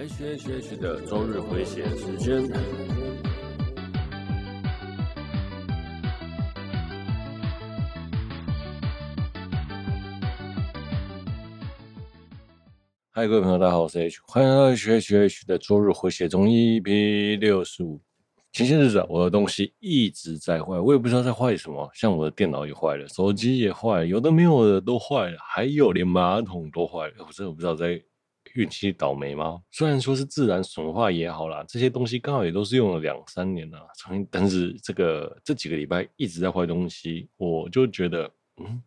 H H H 的周日回血時間。嗨， Hi, 各位朋友，大家好，我是 H，歡迎來到 H. H H H 的周日回血中 HP 六十五。前些日子，我的東西一直在壞，我也不知道在壞什麼。像我的電腦也壞了，手機也壞了，有的沒有的都壞了，還有連馬桶都壞了。我真的不知道在。運氣倒霉嗎？雖然說是自然損壞也好啦，這些東西剛好也都是用了兩三年了。從，但是這個這幾個禮拜一直在壞東西，我就覺得，嗯，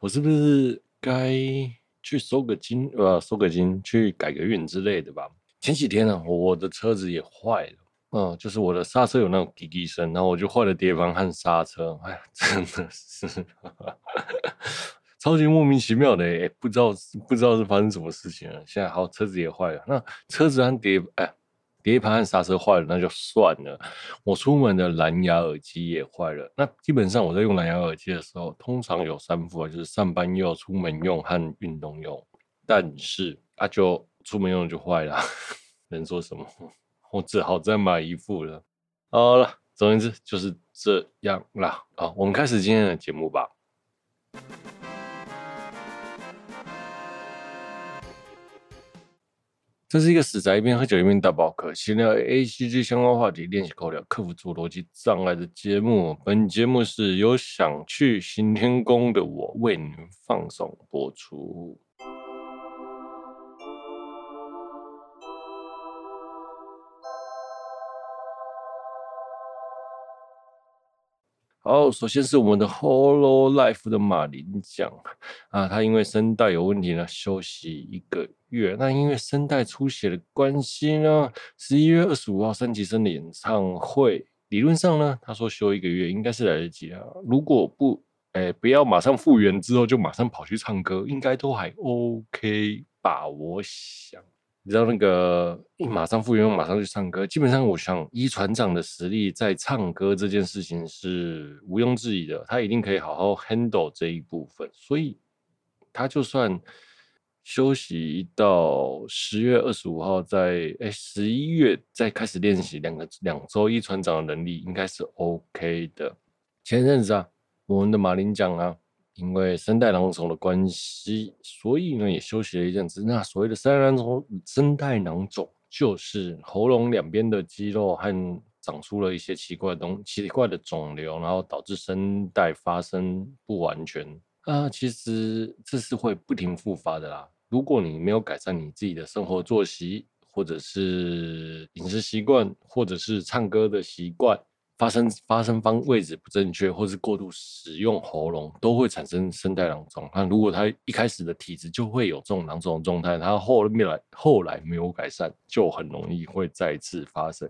我是不是該去收個金呃收個金去改個運之類的吧？前幾天呢、啊，我的車子也壞了，嗯、呃，就是我的剎車有那種滴滴聲，然後我就換了碟盤，和剎車，哎呀，真的是。 超級莫名其妙的，欸欸，不知道不知道，是發生什麼事情了。現在好，車子也壞了，那車子和碟哎，欸，碟盤和剎車壞了，那就算了。我出門的藍牙耳機也壞了。那基本上我在用藍牙耳機的時候，通常有三副，就是上班用、出門用和運動用。但是啊就，就出門用就壞了，能做什麼？我只好再買一副了。好了，總而言之就是這樣啦。好，我們開始今天的節目吧。這是一個死宅一邊喝酒一邊打寶可，閒聊 A C G 相關話題，練習口條，克服自我邏輯障礙的節目。本節目是由想去行天宮的我為您放送播出。哦，首先是我們的 hololive 的瑪琳醬啊，他因為聲帶有問題呢，休息一個月。那因為聲帶出血的關係呢，十一月二十五號三期生的演唱會，理論上呢，他說休一個月應該是來得及啊。如果不，哎、呃，不要馬上復原之後就馬上跑去唱歌，應該都還 OK 吧？我想。你知道那個一馬上復原，馬上去唱歌。基本上，我想伊船長的實力在唱歌這件事情是毋庸置疑的，他一定可以好好 handle 這一部分。所以他就算休息一到十月二十五號，在哎十一月再開始練習兩個兩周，一船長的能力應該是 OK 的。前陣子啊，我們的馬林講啊。因為聲帶囊腫的關係，所以呢也休息了一陣子。那所謂的聲帶囊聲帶囊腫，就是喉嚨兩邊的肌肉和長出了一些奇怪的東、奇怪的腫瘤，然後導致聲帶發生不完全啊。其實這是會不停復發的啦。如果你沒有改善你自己的生活作息，或者是飲食習慣，或者是唱歌的習慣。發生發生方位置，不正確，或是過度使用喉嚨，都會產生聲帶囊腫。那如果他一開始的體質就會有這種囊腫狀態，他後面來後來沒有改善，就很容易會再次發生。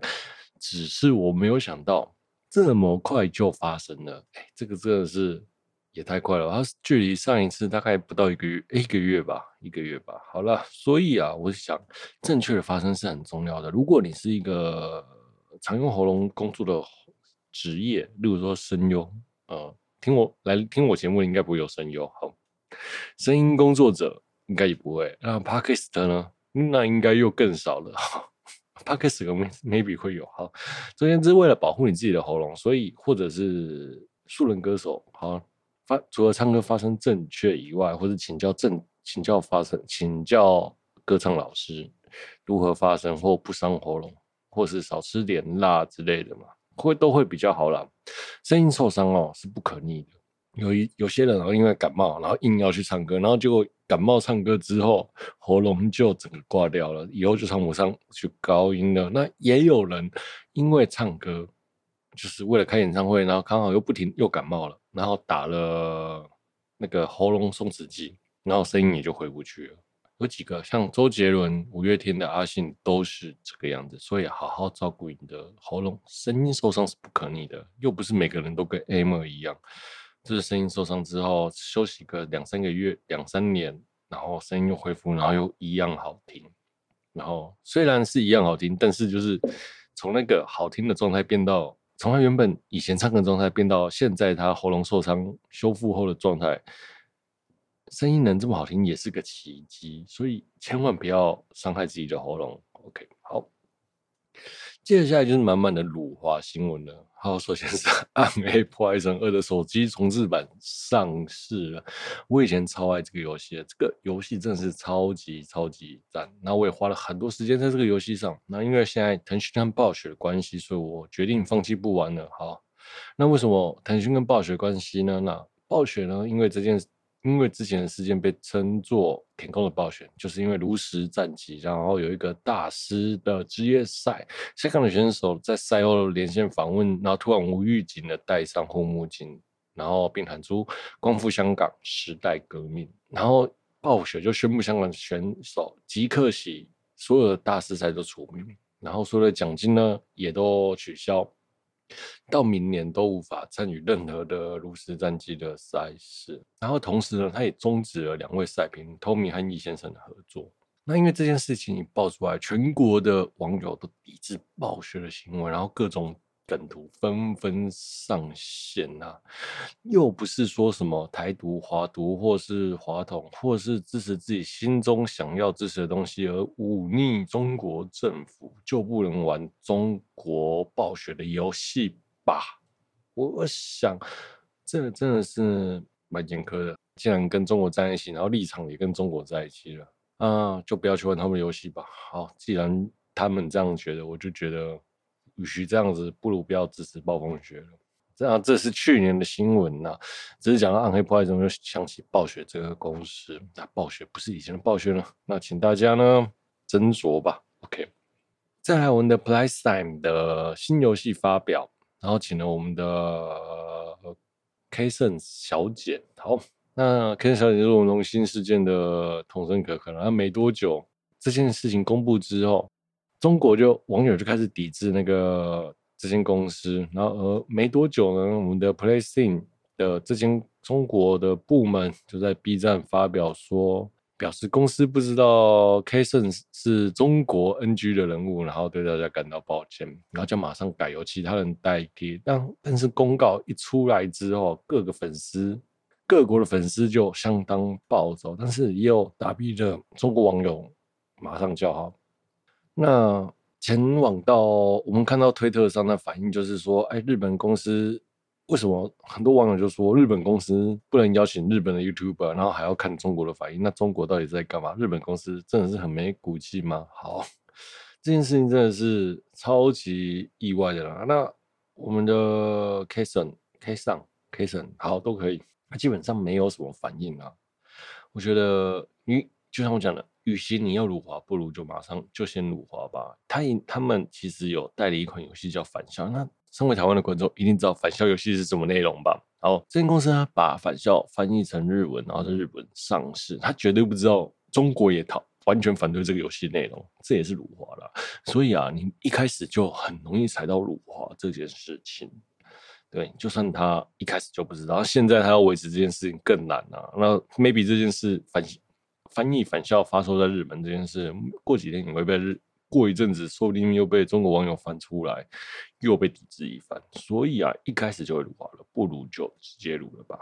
只是我沒有想到這麼快就發生了，哎、欸，這個真的是也太快了吧。他距離上一次大概不到一個月，欸，一個月吧，一個月吧。好了，所以啊，我想正確的發聲是很重要的。如果你是一個常用喉嚨工作的，職業，例如說聲優，呃，聽我來聽我節目應該不會有聲優，好，聲音工作者應該也不會。那 Podcast 呢？那應該又更少了。Podcast maybe 會有，好，這些是為了保護你自己的喉嚨，所以或者是素人歌手，好，發，除了唱歌發聲正確以外，或者請教正請教發聲請教歌唱老師如何發聲或不傷喉嚨，或是少吃點辣之類的嘛。會都會比較好啦，聲音受傷哦是不可逆的。有一有些人然後因為感冒，然後硬要去唱歌，然後結果感冒唱歌之後喉嚨就整個掛掉了，以後就唱不上去高音了。那也有人因為唱歌，就是為了開演唱會，然後剛好又不停又感冒了，然後打了那個喉嚨鬆弛劑，然後聲音也就回不去了。有幾個像周杰倫、五月天的阿信都是這個樣子，所以好好照顧你的喉嚨，聲音受傷是不可逆的。又不是每個人都跟艾默一樣，嗯、就是聲音受傷之後休息個兩三個月，兩三年，然後聲音又恢復，然後又一樣好聽。嗯、然後雖然是一樣好聽，但是就是從那個好聽的狀態變到，從他原本以前唱歌的狀態變到現在他喉嚨受傷修復後的狀態。聲音能這麼好聽也是個奇蹟，所以千萬不要傷害自己的喉嚨。OK，好，接下來就是滿滿的辱華新聞了。好，首先是《M A 破壞神二》的手機重置版上市了。我以前超愛這個遊戲，這個遊戲真的是超級超級讚。那我也花了很多時間在這個遊戲上。那因為現在騰訊跟暴雪的關係，所以我決定放棄不玩了。好，那為什麼騰訊跟暴雪關係呢？那暴雪呢？因為這件事。因為之前的事件被稱作“天空的暴雪”，就是因為爐石戰棋，然後有一個大師的職業賽，香港的選手在賽後連線訪問，然後突然無預警的戴上護目鏡，然後並喊出“光復香港，時代革命”，然後暴雪就宣布香港選手即刻起，所有的大師賽都除名，然後所有的獎金呢也都取消。到明年都無法參與任何的爐石戰記的賽事，然後同時呢，他也終止了兩位賽評 Tommy 和易先生的合作。那因為這件事情爆出來，全國的網友都抵制暴雪的行為，然後各種。梗圖紛紛上線吶、啊，又不是說什麼台獨、華獨，或是華統，或是支持自己心中想要支持的東西而忤逆中國政府就不能玩中國暴雪的遊戲吧？我想這真的是蠻嚴苛的。既然跟中國在一起，然後立場也跟中國在一起了，啊，就不要去玩他們的遊戲吧。好，既然他們這樣覺得，我就覺得。與其這樣子，不如不要支持暴風雪。這樣，這是去年的新聞吶。只是講到暗黑破壞中，又想起暴雪這個公司、啊。那暴雪不是以前的暴雪了。那請大家呢斟酌吧。OK，再來我們的 Playtime 的新遊戲發表，然後請了我們的、呃、Kason 小姐。好，那 Kason 小姐是我們龍心事件的統神可可能沒多久這件事情公布之後。中國就網友就開始抵制那個這間公司，然後而沒多久呢，我們的 Plaything 的這間中國的部門就在 B 站發表說，表示公司不知道 Kason 是中國 NG 的人物，然後對大家感到抱歉，然後就馬上改由其他人代替。但但是公告一出來之後，各個粉絲各國的粉絲就相當暴躁，但是也有大批的中國網友馬上叫好。那前往到我們看到推特上的反應，就是說，哎，日本公司為什麼很多網友就說日本公司不能邀請日本的 YouTuber，然後還要看中國的反應？那中國到底在幹嘛？日本公司真的是很沒骨氣嗎？好，這件事情真的是超級意外的啦。那我們的 kson、kson、kson，好都可以，他基本上沒有什麼反應啊。我覺得，你就像我講的。與其你要辱華，不如就馬上就先辱華吧。他他們其實有代理一款遊戲叫《返校》，那身為台灣的觀眾一定知道《返校》遊戲是什麼內容吧？然後這間公司呢，把《返校》翻譯成日文，然後在日本上市。他絕對不知道中國也討完全反對這個遊戲內容，這也是辱華了。所以啊，你一開始就很容易踩到辱華這件事情。對，就算他一開始就不知道，現在他要維持這件事情更難了、啊。那 maybe 這件事反省。翻譯返校發售在日本這件事，過幾天你會被日，過一陣子說不定又被中國網友翻出來，又被抵制一番。所以啊，一開始就擼好了，不如就直接擼了吧。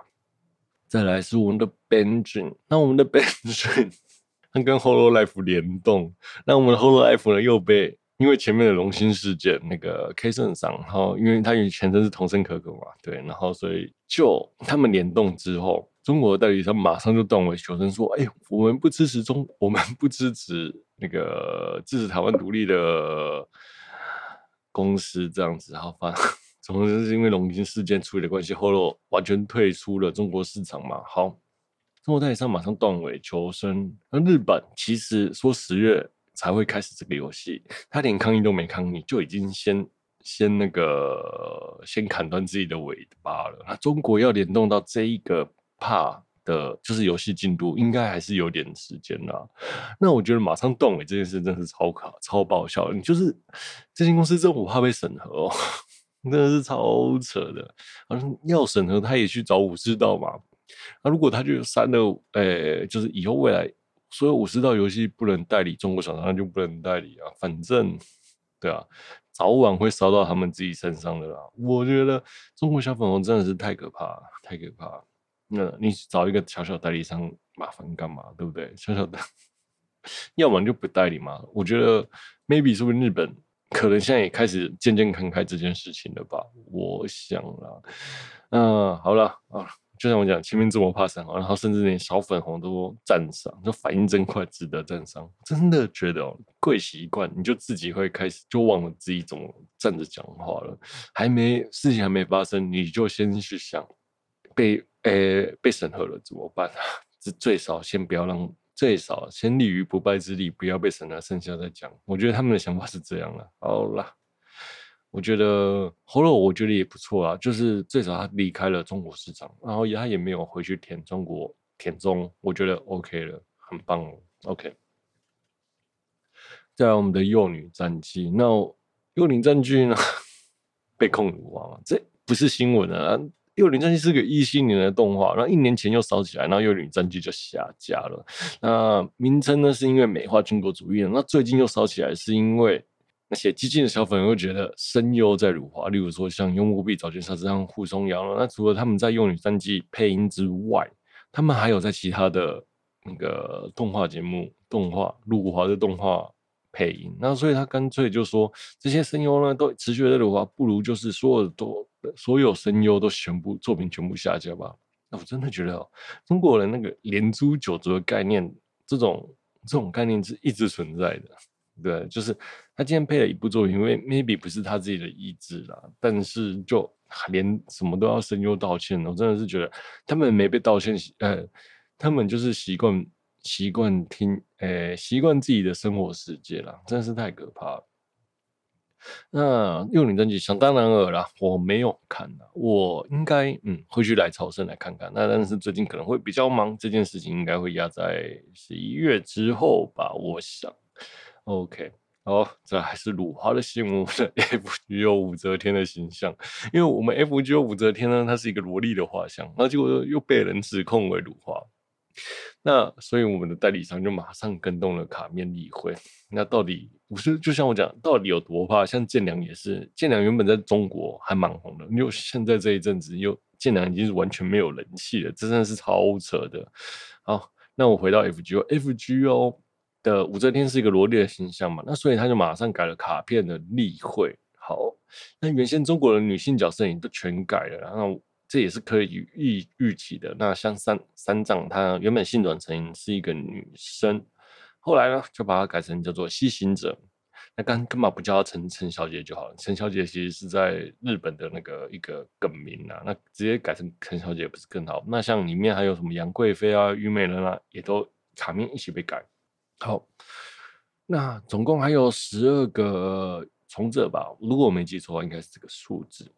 再來是我們的 Benjamin，那我們的 Benjamin 他跟《Hollow Life》聯動，那我們的《Hollow Life》呢又被。因為前面的龍芯事件，那個 kson，然後因為他以前身是桐生可可嘛，對，然後所以就他們聯動之後，中國代理商馬上就斷尾求生，說：“哎，我們不支持中國，我們不支持那個支持台灣獨立的公司這樣子。好”然後反正總之是因為龍芯事件處理的關係，後來完全退出了中國市場嘛。好，中國代理商馬上斷尾求生。那日本其實說十月。才會開始這個遊戲，他連抗議都沒抗議，就已經先先那個先砍斷自己的尾巴了。那、啊、中國要聯動到這一個 part 的，就是遊戲進度，應該還是有點時間啦。那我覺得馬上動誒，這件事真的是超卡，超爆笑。你就是這間公司，政府怕被審核哦，呵呵真的是超扯的。好，啊、像要審核，他也去找武士道嘛。那、啊、如果他就刪了，誒、欸，就是以後未來。所以武士道遊戲不能代理中國廠商，那就不能代理啊！反正，對啊，早晚會燒到他們自己身上的啦。我覺得中國小粉紅真的是太可怕，太可怕。那、呃、你找一個小小代理商麻煩幹嘛？對不對？小小的，要麼就不代理嘛。我覺得 maybe 是不是日本可能現在也開始漸漸看開這件事情了吧？我想啦，嗯、呃，好了啊。就像我講，前面這麼怕審核，然後甚至連小粉紅都讚賞，就反應真快，值得讚賞。真的覺得哦，跪習慣你就自己會開始，就忘了自己怎麼站着講話了。還沒事情還沒發生，你就先去想被誒、呃、被審核了怎麼辦啊？這最少先不要讓，最少先立於不敗之地，不要被審核，剩下再講。我覺得他們的想法是這樣了。好啦。我覺得，後來我覺得也不錯啊，就是最早他離開了中國市場，然後他也沒有回去舔中國舔中，我覺得 OK 了，很棒哦。OK，再來我們的幼女戰記，那幼女戰記呢？ 被控辱華嘛，這不是新聞啊。幼女戰記是個一七年的動畫，然後一年前又燒起來，然後幼女戰記就下架了。那名稱呢，是因為美化軍國主義。那最近又燒起來，是因為。那些激進的小粉又覺得聲優在辱華，例如說像悠木碧、早見沙織這樣護松陽了。那除了他們在《幼女戰記》配音之外，他們還有在其他的那個動畫節目、動畫辱華的動畫配音。那所以，他乾脆就說這些聲優呢都持續在辱華，不如就是所有的都所有聲優都全部作品全部下架吧。那我真的覺得哦、喔，中國人那個連誅九族的概念，這種這種概念是一直存在的。對，就是他今天配了一部作品，因為 maybe 不是他自己的意志啦，但是就連什麼都要聲優道歉，我真的是覺得他們沒被道歉，呃，他們就是習慣習慣聽，呃，習慣自己的生活世界了，真的是太可怕了。那《幼女戰記》想當然爾啦，我沒有看，我應該嗯會去來朝聖來看看，那但是最近可能會比較忙，這件事情應該會壓在十一月之後吧，我想。OK，好，這還是辱華的新聞。F G O 武則天的形象，因為我們 F G O 武則天呢，它是一個蘿莉的畫像，那結果又被人指控為辱華。那所以我們的代理商就馬上更動了卡面立繪。那到底不是就像我講，到底有多怕？像艦娘也是，艦娘原本在中國還蠻紅的，因為現在這一陣子又艦娘已經是完全沒有人氣了，這真的是超扯的。好，那我回到 F G O，F G O，的武則天是一個蘿莉的形象嘛，那所以他就馬上改了卡片的立繪。好，那原先中國的女性角色也都全改了，然後這也是可以預預期的。那像三三藏，她原本性轉成是一個女生，後來呢就把她改成叫做西行者。那幹幹嘛不叫她陳陳小姐就好了？陳小姐其實是在日本的那個一個梗名啊，那直接改成陳小姐不是更好？那像裡面還有什麼楊貴妃啊、虞美人啊，也都場面一起被改。好、哦，那總共還有十二個從者吧？如果我沒記錯，應該是這個數字。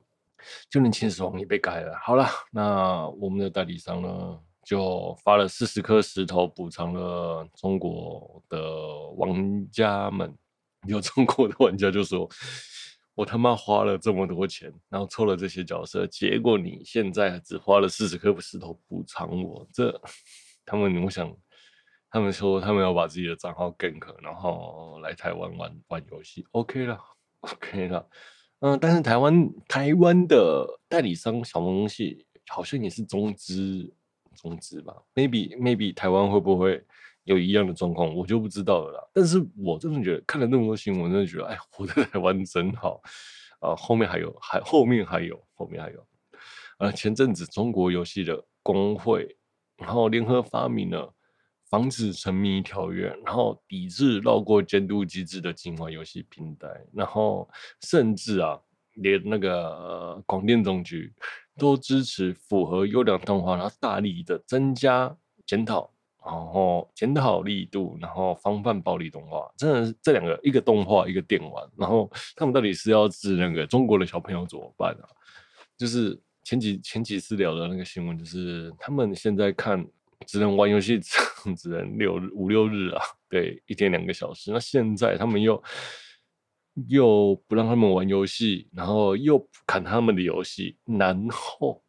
就連秦始皇，也被改了。好了，那我們的代理商呢，就發了四十顆石頭補償了中國的玩家們。有中國的玩家就說：“我他媽花了這麼多錢，然後抽了這些角色，結果你現在只花了四十顆石頭補償我，這他們我想。”他們說，他們要把自己的賬號更可，然後來台灣玩玩遊戲。OK 了，OK 了。嗯、呃，但是台灣台灣的代理商小萌遊戲好像也是中資中資吧？Maybe Maybe 台灣會不會有一樣的狀況，我就不知道了啦。但是我真的覺得看了那麼多新聞，我真的覺得哎，活在台灣真好啊、呃！後面還有，還後面還有，後面還有。呃，前陣子中國遊戲的工會，然後聯合發明了，防止沉迷條約，然後抵制繞過監督機制的境外遊戲平台，然後甚至啊，連那個廣電總局都支持符合優良動畫，然後大力的增加檢討，然後檢討力度，然後防範暴力動畫。真的是這，這兩個一個動畫，一個電玩，然後他們到底是要治那個中國的小朋友怎麼辦啊？就是前幾前幾次聊的那個新聞，就是他們現在看。只能玩遊戲，只能六五六日啊，對，一天兩個小時。那現在他們又又不讓他們玩遊戲，然後又砍他們的遊戲，然後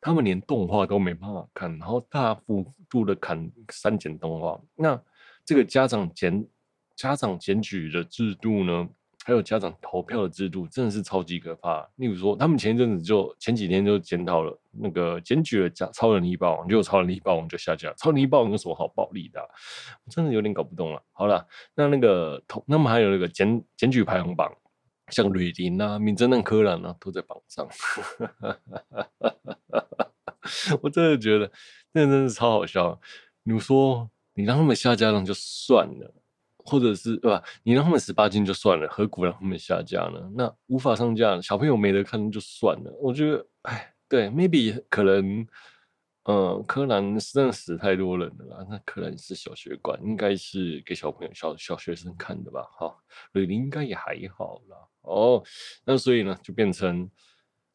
他們連動畫都沒辦法看，然後大幅度的砍刪減動畫。那這個家長檢家長檢舉的制度呢？還有家長投票的制度真的是超級可怕、啊。例如說，他們前一陣子就前幾天就檢討了那個檢舉了家超人力霸王，就超人力霸王，王就下架。超人力霸王有什麼好暴力的、啊？我真的有點搞不懂了、啊。好了，那那個他那麼還有那個檢檢舉排行榜，像呂林啊、名偵探柯南啊都在榜上。 我真的覺得那個、真是超好笑、啊。你如說你讓他們下架那就算了。或者是對吧？你讓他們十八禁就算了，何苦讓他們下架呢？那無法上架了，小朋友沒得看就算了。我覺得，哎，對，maybe 可能，呃柯南是那死太多人了啦，那柯南是小學館，應該是給小朋友小小學生看的吧？哈、哦，李林應該也還好啦。哦，那所以呢，就變成。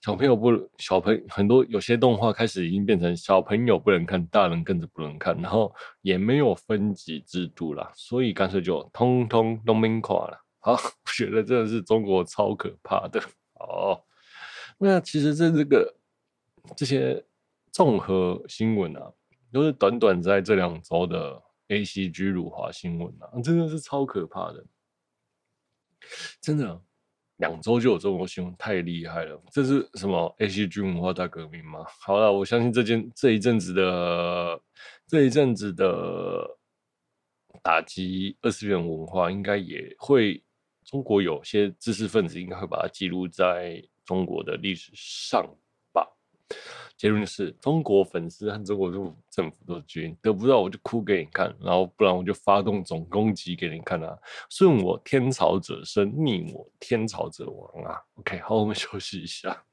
小朋友不，小朋友很多有些動畫開始已經變成小朋友不能看，大人跟着不能看，然後也沒有分級制度啦，所以乾脆就通通都沒看了。好，我覺得真的是中國超可怕的哦。那其實這這個這些綜合新聞啊，都是短短在這兩週的 A C G 辱華新聞啊，真的是超可怕的，真的。兩周就有中國新聞，太厲害了！這是什麼 ACG 文化大革命嗎？好了，我相信這件這一陣子的這一陣子的打擊二次元文化，應該也會中國有些知識分子應該會把它記錄在中國的歷史上吧。結論是中國粉絲和中國政府的軍得不到我就哭給你看，然後不然我就發動總攻擊給你看啦、啊！順我天朝者生，逆我天朝者亡啊！OK，好，我們休息一下。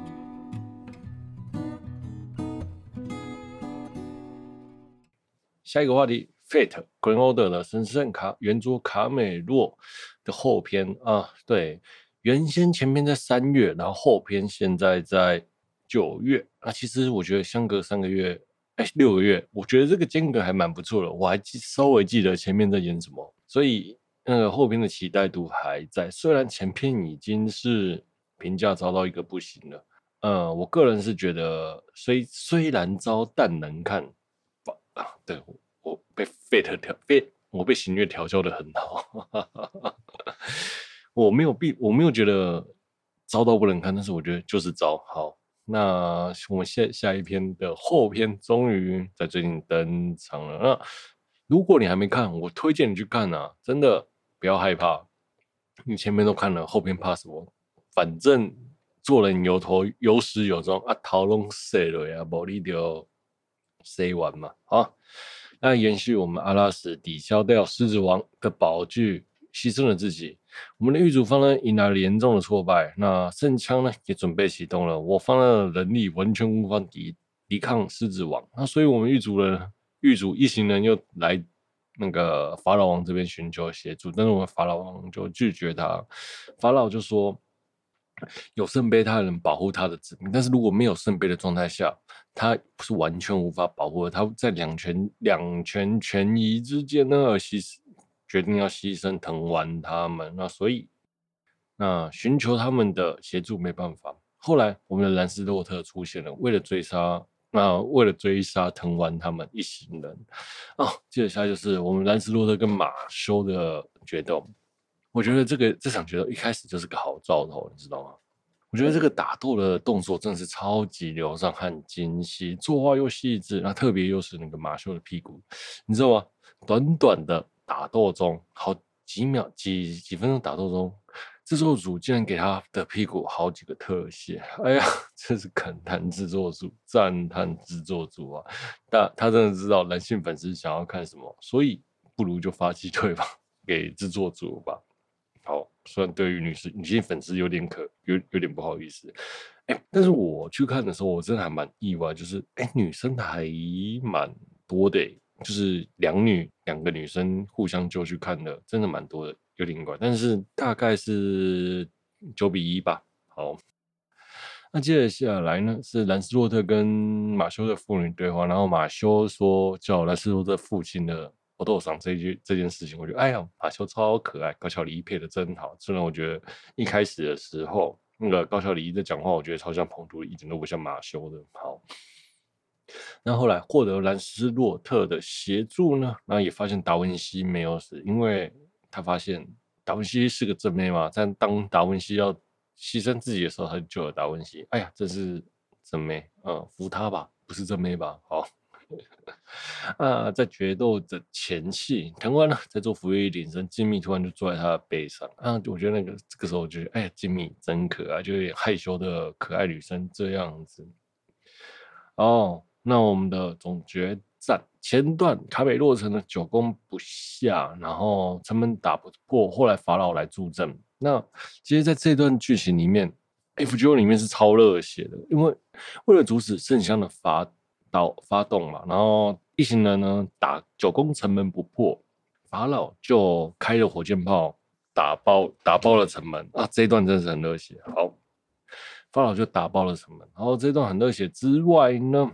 下一個話題，《Fate Grand Order》的神聖卡圓桌卡美洛的後篇啊，對。原先前篇在三月，然後後篇現在在九月。那、啊、其實我覺得相隔三個月，哎，六個月，我覺得這個間隔還蠻不錯的。我還記稍微記得前面在演什麼，所以那個、呃、後篇的期待度還在。雖然前篇已經是評價遭到一個不行了，呃，我個人是覺得雖雖然遭，但能看。啊、對我被 Fate 調被我被型月調教得很好。 我沒有必，我沒有覺得糟到不能看，但是我覺得就是糟。好，那我們下下一篇的後篇終於在最近登場了。那如果你還沒看，我推薦你去看啊，真的不要害怕，你前面都看了，後篇怕什麼？反正做人有頭，有始有終啊，頭攏洗了呀，無你就洗完嘛啊。那延續我們阿拉什抵消掉獅子王的寶具，犧牲了自己。我們的御主方呢，迎來了嚴重的挫敗。那聖槍呢，也準備啟動了。我方的能力完全無法抵抵抗獅子王。那所以，我們御主呢，御主一行人又來那個法老王這邊尋求協助，但是我們法老王就拒絕他。法老就說，有聖杯他能保護他的子民，但是如果沒有聖杯的狀態下，他是完全無法保護的。他在兩全兩權權宜之間呢，決定要犧牲藤丸他們，那所以那尋求他們的協助沒辦法。後來我們的蘭斯洛特出現了，為了追殺那、呃、為了追殺藤丸他們一行人哦，接着下來就是我們蘭斯洛特跟馬修的決鬥。我覺得這個這場決鬥一開始就是個好兆頭，你知道嗎？我覺得這個打鬥的動作真的是超級流暢和精細，作畫又細緻，那特別又是那個馬修的屁股，你知道嗎？短短的。打鬥中，好幾秒幾幾分鐘打鬥中，制作組竟然給他的屁股好幾個特寫，哎呀，真是感嘆制作組，讚嘆制作組啊！但他真的知道男性粉絲想要看什麼，所以不如就發雞腿吧，給制作組吧。好，雖然對於女士女性粉絲有點可有有點不好意思、欸，但是我去看的時候，我真的還蠻意外，就是哎，欸，女生還蠻多的，欸。就是兩女兩個女生互相就去看的，真的蠻多的，有點怪。但是大概是九比一吧。好，那接下來呢是蘭斯洛特跟馬修的父女對話，然後馬修說叫蘭斯洛特父親的歐豆桑這一句這件事情，我覺得哎呀，馬修超可愛，高橋李依配的真好。雖然我覺得一開始的時候那個高橋李依的講話，我覺得超像彭都，一點都不像馬修的。好。然後後來獲得蘭斯洛特的協助呢，然後也發現達文西沒有死，因為他發現達文西是個正妹嘛。但當達文西要犧牲自己的時候，他就救了達文西。哎呀，這是正妹，嗯，扶他吧，不是正妹吧？好，啊、 呃，在決鬥的前期，藤官呢在做伏地挺身，靜謐突然就坐在他的背上。啊，我覺得那個這個時候，我覺得哎呀，靜謐真可愛，就是害羞的可愛女生這樣子。哦。那我們的總決戰前段，卡美洛城的久攻不下，然後城門打不破，後來法老來助陣。那其實，在這段劇情裡面，《FGO》裡面是超熱血的，因為為了阻止聖槍的發導發動嘛，然後一行人呢打久攻城門不破，法老就開了火箭炮打爆打爆了城門啊！這一段真的是很熱血。好，法老就打爆了城門。然後這段很熱血之外呢？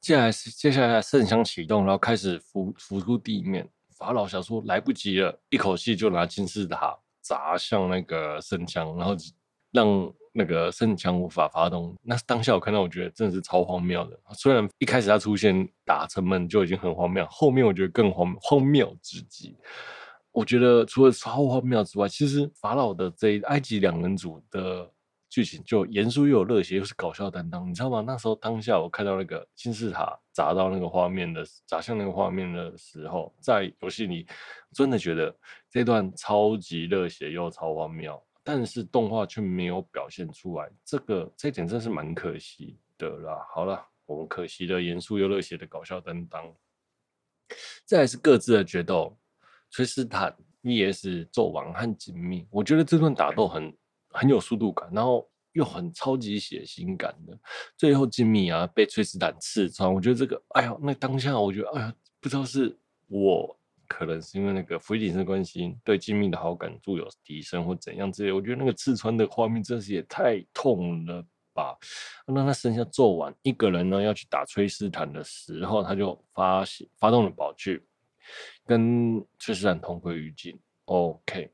接下來是接下來聖槍啟動，然後開始浮浮出地面。法老想說來不及了，一口氣就拿金字塔砸向那個聖槍，然後讓那個聖槍無法發動。那當下我看到，我覺得真的是超荒謬的。雖然一開始他出現打城門就已經很荒謬，後面我覺得更荒謬荒謬至極。我覺得除了超荒謬之外，其實法老的這一埃及兩人組的，劇情就嚴肅又有熱血，又是搞笑擔當，你知道嗎？那時候當下我看到那個金字塔砸到那個畫面的砸向那個畫面的時候，在遊戲裡真的覺得這段超級熱血又超荒謬，但是動畫卻沒有表現出來，這個這點真的是蠻可惜的啦。好啦，我們可惜的嚴肅又熱血的搞笑擔當，再是各自的決鬥，崔斯坦、E.S. 獅王和錦覓，我覺得這段打鬥很。Okay. 很有速度感，然後又很超級血腥感的。最後，靜謐啊，被崔斯坦刺穿。我覺得這個，哎呦，那當下我覺得，哎呀，不知道是我可能是因為那個福爾摩斯的關係，對靜謐的好感度有提升或怎樣之類。我覺得那個刺穿的畫面，真是也太痛了吧！那、啊、他剩下做完一個人呢，要去打崔斯坦的時候，他就發發動了寶具，跟崔斯坦同歸於盡。OK。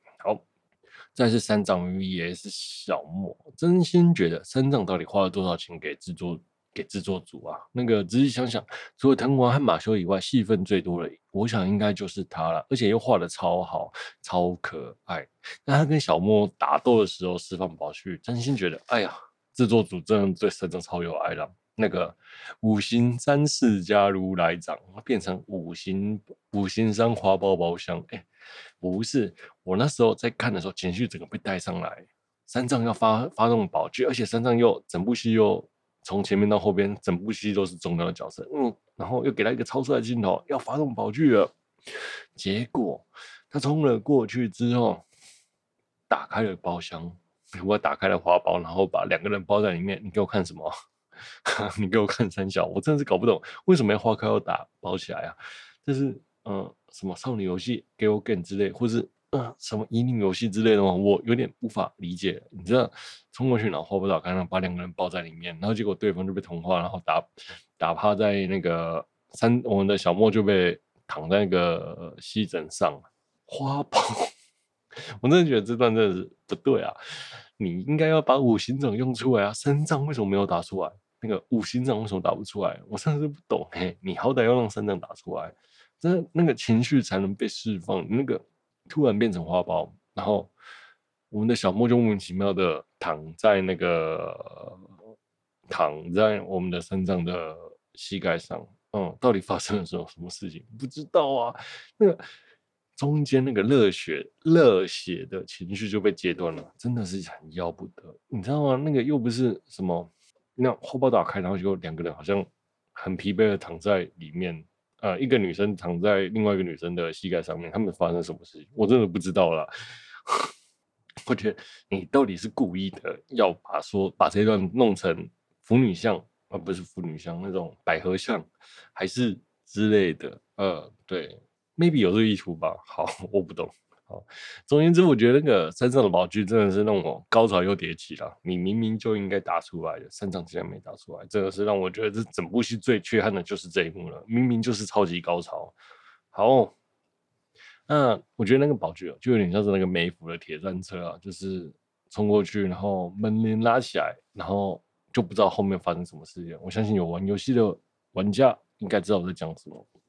但是三藏 vs 小莫，真心覺得三藏到底花了多少錢給製作給製作組啊？那個仔細想想，除了藤丸和馬修以外，戲份最多的，我想應該就是他了。而且又畫的超好，超可愛。但他跟小莫打鬥的時候釋放寶具，真心覺得，哎呀，製作組真的對三藏超有愛了。那個五行山釋迦如來掌，變成五行五行山花包包箱，欸不是我那時候在看的時候，情緒整個被帶上來。三藏要發發動寶具，而且三藏又整部戲又從前面到後邊，整部戲都是中央的角色。嗯，然後又給他一個超帥的鏡頭，要發動寶具了。結果他衝了過去之後，打開了包廂，我打開了花苞，然後把兩個人包在裡面。你給我看什麼？ 你給我看三小？我真的是搞不懂為什麼要花開要打包起來啊！就是。嗯、呃，什麼少女遊戲《給我 g 之類，或是嗯、呃，什麼乙女遊戲之類的話，我有點無法理解。你知道衝過去，然後花不老剛剛把兩個人抱在裡面，然後結果對方就被同化，然後打打趴在那個三，我們的小莫就被躺在那個席、呃、枕上。花寶， 我真的覺得這段真的是不對啊！你應該要把五行掌用出來啊！三藏為什麼沒有打出來？那個五行掌為什麼打不出來？我真的不懂。嘿，你好歹要讓三藏打出來。那那個情緒才能被釋放，那個突然變成花苞，然後我們的小莫就莫名其妙的躺在那個躺在我們的三藏的膝蓋上，嗯，到底發生了什麼，什麼事情？不知道啊，那個中間那個熱血熱血的情緒就被截斷了，真的是很要不得，你知道嗎？那個又不是什麼，那花苞打開，然後就兩個人好像很疲憊的躺在裡面。呃，一個女生躺在另外一個女生的膝蓋上面，他們發生什麼事情？我真的不知道啦。 我覺得你到底是故意的，要把說把這段弄成腐女像，啊，不是腐女像，那種百合像，還是之類的？呃，對，maybe 有這個意圖吧。好，我不懂。總言之，我覺得那個《山上的寶具》真的是讓我高潮又迭起了。你明明就應該打出來的，三場竟然沒打出來，真的是讓我覺得這整部戲最缺憾的就是這一幕了。明明就是超級高潮。好，那我覺得那個寶具、喔、就有點像是那個《梅芙的鐵戰車》啊，就是衝過去，然後門簾拉起來，然後就不知道後面發生什麼事件。我相信有玩遊戲的玩家應該知道我在講什麼。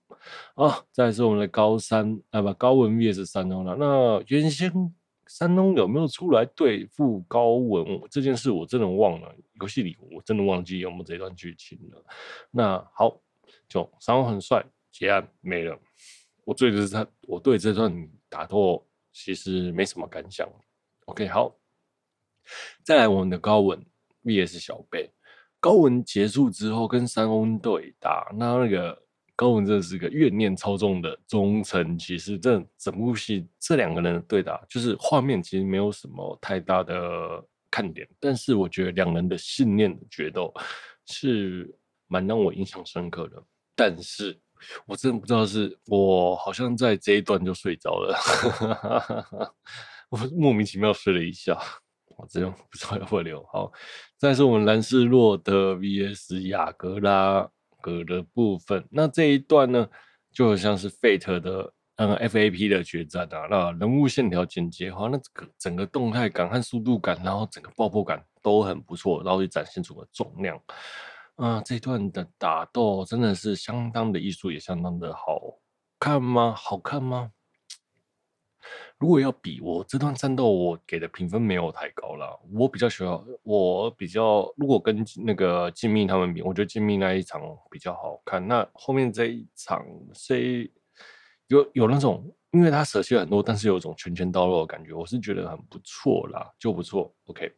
好、哦，再來是我們的高山啊，不，高文 VS 山翁了。那原先山翁有沒有出來對付高文我這件事，我真的忘了。遊戲裡我真的忘記有沒有這段劇情了。那好，就山翁很帥，結案沒了。我對的我對這段打鬥其實沒什麼感想。OK，好，再來我們的高文 VS 小貝。高文結束之後跟山翁對打，那那個。高文真的是一個怨念超重的忠臣。其實這整部戲這兩個人的對打，就是畫面其實沒有什麼太大的看點，但是我覺得兩人的信念的決鬥是蠻讓我印象深刻的。但是我真的不知道是我好像在這一段就睡着了，哈哈哈，我莫名其妙睡了一下，我真不知道要不要留。好，再是我們蘭斯洛特 VS 雅格拉。格的部分，那這一段呢，就好像是 Fate 的，嗯、那個，FAP 的決戰啊。那人物線條簡潔好像那個，整個動態感和速度感，然後整個爆破感都很不錯，然後也展現出了重量。啊，這一段的打鬥真的是相當的藝術，也相當的好看嗎？好看嗎？如果要比我這段戰鬥，我給的評分沒有太高了。我比較喜歡，我比較如果跟那個靜謐他們比，我覺得靜謐那一場比較好看。那後面這一場，這有有那種，因為他捨棄了很多，但是有一種拳拳到肉的感覺，我是覺得很不錯啦，就不錯。OK，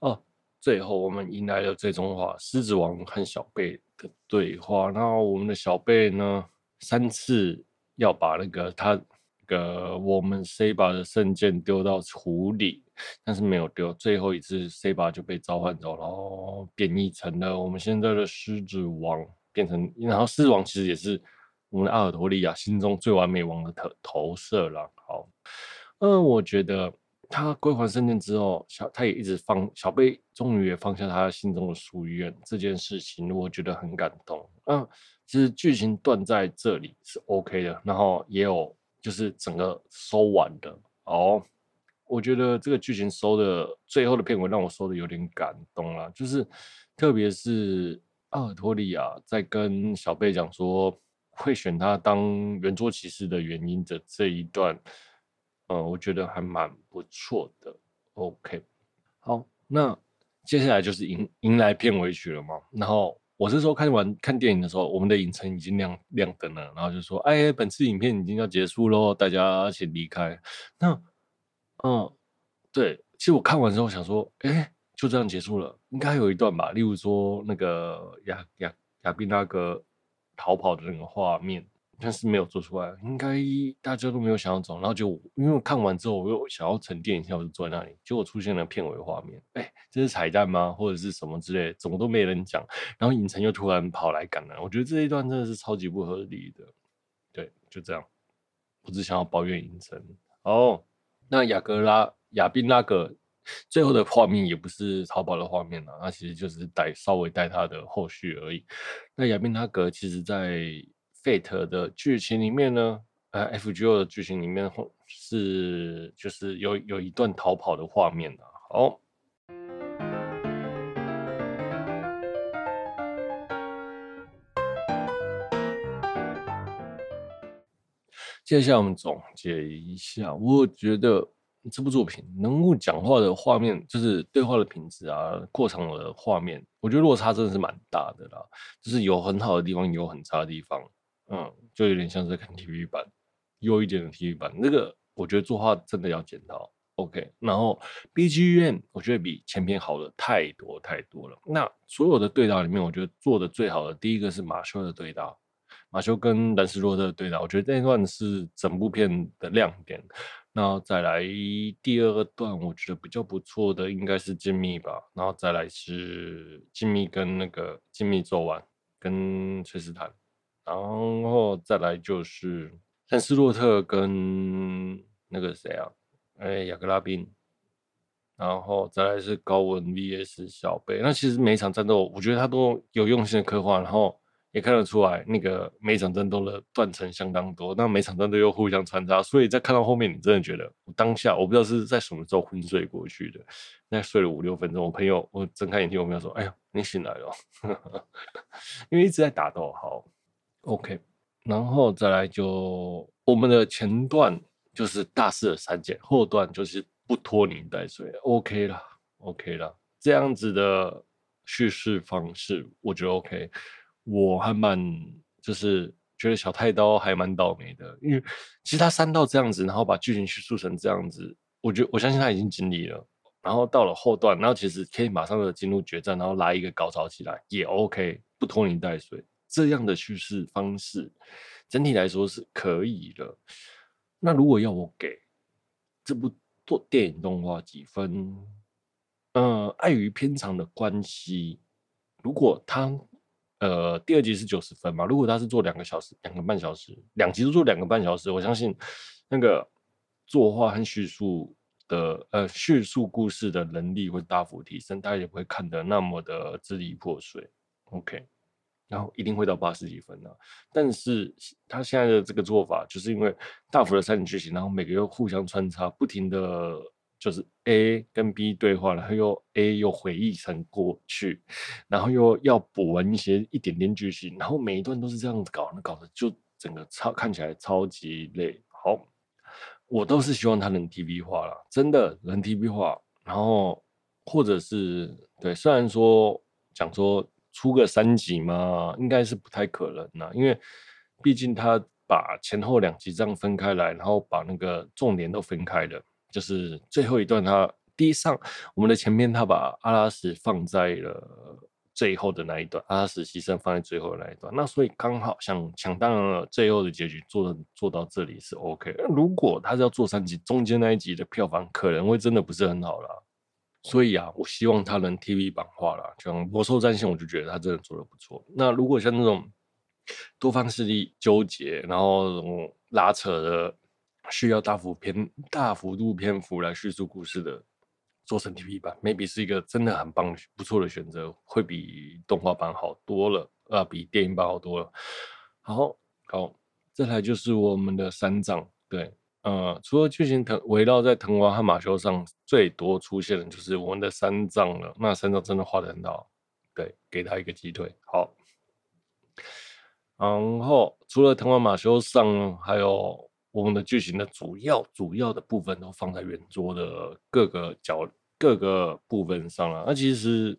哦，最後我們迎來了最終的話《獅子王》和小貝的對話。那我們的小貝呢，三次要把那個他。個我們 Saber 的聖劍丟到湖裡，但是沒有丟。最後一次 Saber 就被召喚走了，然後變異成了我們現在的獅子王，變成然後獅王其實也是我們的阿爾托利亞心中最完美王的投投射了。好，嗯、呃，我覺得他歸還聖劍之後，小他也一直放小貝，終於也放下他心中的夙願這件事情，我覺得很感動。嗯、呃，其實劇情斷在這裡是 OK 的，然後也有。就是整個收完的哦，我覺得這個劇情收的最後的片尾讓我收的有點感動了，啊，就是特別是阿爾托利亞在跟小貝講說會選他當圓桌騎士的原因的這一段，嗯、呃，我覺得還蠻不錯的。OK，好，那接下來就是迎迎來片尾曲了嘛，然後。我是說，看完看電影的時候，我們的影城已經亮亮燈了，然後就說：“哎、欸，本次影片已經要結束嘍，大家請離開。”那，嗯，對，其實我看完之後想說：“哎、欸，就這樣結束了？應該還有一段吧，例如說那個雅雅雅典娜大哥逃跑的那個畫面。”但是沒有做出來，應該大家都沒有想要走，然後就因為我看完之後我又想要沉澱一下，我就坐在那裡，結果出現了片尾畫面，哎、欸，這是彩蛋嗎？或者是什麼之類？怎麼都沒人講，然後影城又突然跑來趕來，我覺得這一段真的是超級不合理的。對，就這樣，我只想要抱怨影城哦。Oh, 那雅格拉、雅賓拉格最後的畫面也不是逃跑的畫面了，那其實就是帶稍微帶他的後續而已。那雅賓拉格其實在。Fate 的劇情裡面呢，呃，FGO 的劇情裡面是就是有有一段逃跑的畫面的啊。好，接下來我們總結一下，我覺得這部作品能夠講話的畫面，就是對話的品質啊，過程的畫面，我覺得落差真的是蠻大的啦，就是有很好的地方，有很差的地方。嗯，就有點像在看 TV 版，有一點的 TV 版。那個我覺得作畫真的要檢討。OK，然後 BGM，我覺得比前篇好的太多太多了。那所有的對答裡面，我覺得做的最好的第一個是馬修的對答。馬修跟蘭斯洛特的對答，我覺得這一段是整部片的亮點。然後再來第二個段，我覺得比較不錯的應該是靜謐吧。然後再來是靜謐跟那個靜謐做完跟崔斯坦。然後再來就是蘭斯洛特跟那個誰啊，哎、欸、雅各拉賓，然後再來是高文 VS 小貝。那其實每一場戰鬥，我覺得他都有用心的刻畫，然後也看得出來，那個每一場戰鬥的斷層相當多。那每場戰鬥又互相穿插，所以在看到後面，你真的覺得當下我不知道是在什麼時候昏睡過去的，那睡了五六分鐘，我朋友我睜開眼睛，我朋友說：“哎呀，你醒來了。 ”因為一直在打鬥，好。OK，然後再來就我們的前段就是大肆的刪減，後段就是不拖泥帶水，OK 啦，OK 啦，這樣子的敘事方式我覺得 OK，我還蠻就是覺得小太刀還蠻倒霉的，因為其實他刪到這樣子，然後把劇情敘述成這樣子，我覺我相信他已經盡力了，然後到了後段，然後其實可以馬上的進入決戰，然後來一個高潮起來也 OK，不拖泥帶水。這樣的敘事方式，整體來說是可以的。那如果要我給這部做電影動畫幾分？呃，礙於片長的關係，如果他呃第二集是九十分嘛，如果他是做兩個小時、兩個半小時，兩集都做兩個半小時，我相信那個作畫和敘述的呃敘述故事的能力會大幅提升，大家也不會看得那麼的支離破碎。OK。然後一定會到八十幾分呢、啊，但是他現在的這個做法，就是因為大幅的刪減劇情，然後每個又互相穿插，不停的就是 A 跟 B 對話，然後又 A 又回憶成過去，然後又要補完一些一點點劇情，然後每一段都是這樣子搞，那搞得就整個超看起來超級累。好，我倒是希望他能 TV 化了，真的能 TV 化，然後或者是對，雖然說講說。出個三集嘛，應該是不太可能吶、啊，因為畢竟他把前後兩集這樣分開來，然後把那個重點都分開了。就是最後一段他，他第一上我們的前篇，他把阿拉什放在了最後的那一段，阿拉什犧牲放在最後的那一段。那所以剛好想搶到了，最後的結局做做到這裡是 OK。如果他是要做三集，中間那一集的票房可能會真的不是很好啦。所以啊，我希望它能 TV 版化了。這樣，魔獸戰線》，我就覺得它真的做的不錯。那如果像那種多方勢力糾結，然後拉扯的，需要大幅篇、大幅度篇幅來敘述故事的，做成 TV 版，maybe 是一個真的很棒、不錯的選擇，會比動畫版好多了，啊、呃，比電影版好多了。好，好，再來就是我們的三藏，對。嗯，除了劇情藤，圍繞在藤丸和馬修上，最多出現的就是我們的三藏了。那三藏真的畫的很好，對，給他一個雞腿。好，然後除了藤丸馬修上，還有我們的劇情的主要主要的部分都放在圓桌的各個角各個部分上了，啊。那、啊、其實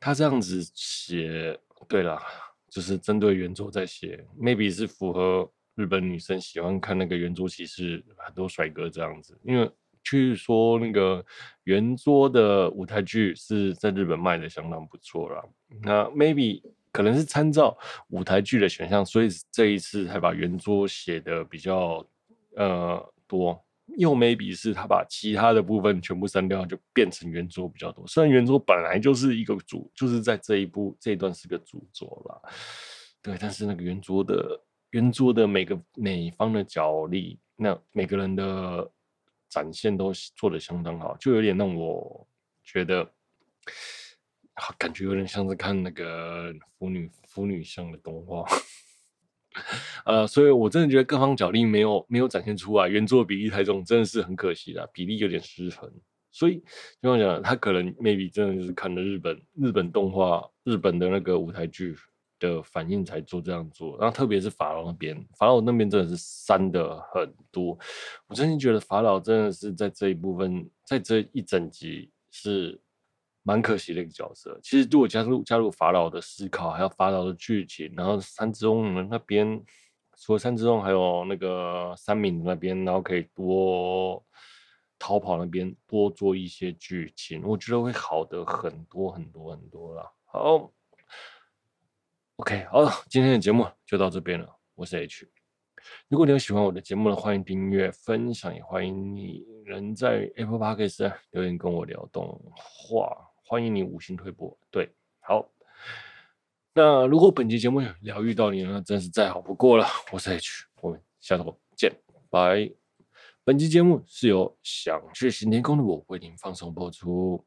他這樣子寫，對了，就是針對圓桌在寫，maybe 是符合。日本女生喜歡看那個圓桌騎士，很多帥哥這樣子。因為據說那個圓桌的舞台劇是在日本賣的相當不錯啦。那 maybe 可能是參照舞台劇的選項，所以這一次才把圓桌寫的比較呃多。又 maybe 是他把其他的部分全部刪掉，就變成圓桌比較多。雖然圓桌本來就是一個主，就是在這一部這一段是個主桌了，對。但是那個圓桌的。原作的每個每方的角力，那每個人的展現都做得相當好，就有點讓我覺得，啊、感覺有點像是看那個腐女腐女向的動畫。 呃，所以我真的覺得各方角力沒有沒有展現出啊，原作比例太重，真的是很可惜的、啊，比例有點失衡。所以就講，他可能 maybe 真的就是看了日本日本動畫日本的那個舞台劇，的反應才做這樣做，然後特別是法老那邊，法老那邊真的是刪的很多。我真心覺得法老真的是在這一部分，在這一整集是蠻可惜的一個角色。其實如果加入加入法老的思考，還有法老的劇情，然後山之翁那邊，除了山之翁，還有那個山民那邊，然後可以多逃跑那邊，多做一些劇情，我覺得會好的很多很多很多了。好。OK，好，今天的節目就到這邊了。我是 H，如果你有喜歡我的節目呢，歡迎訂閱、分享，也歡迎你人在 Apple Podcast 留言跟我聊動畫，歡迎你五星推播。對，好，那如果本期節目有療癒到你呢，真是再好不過了。我是 H，我們下次見，拜。本期節目是由想去新天空的我為您放送播出。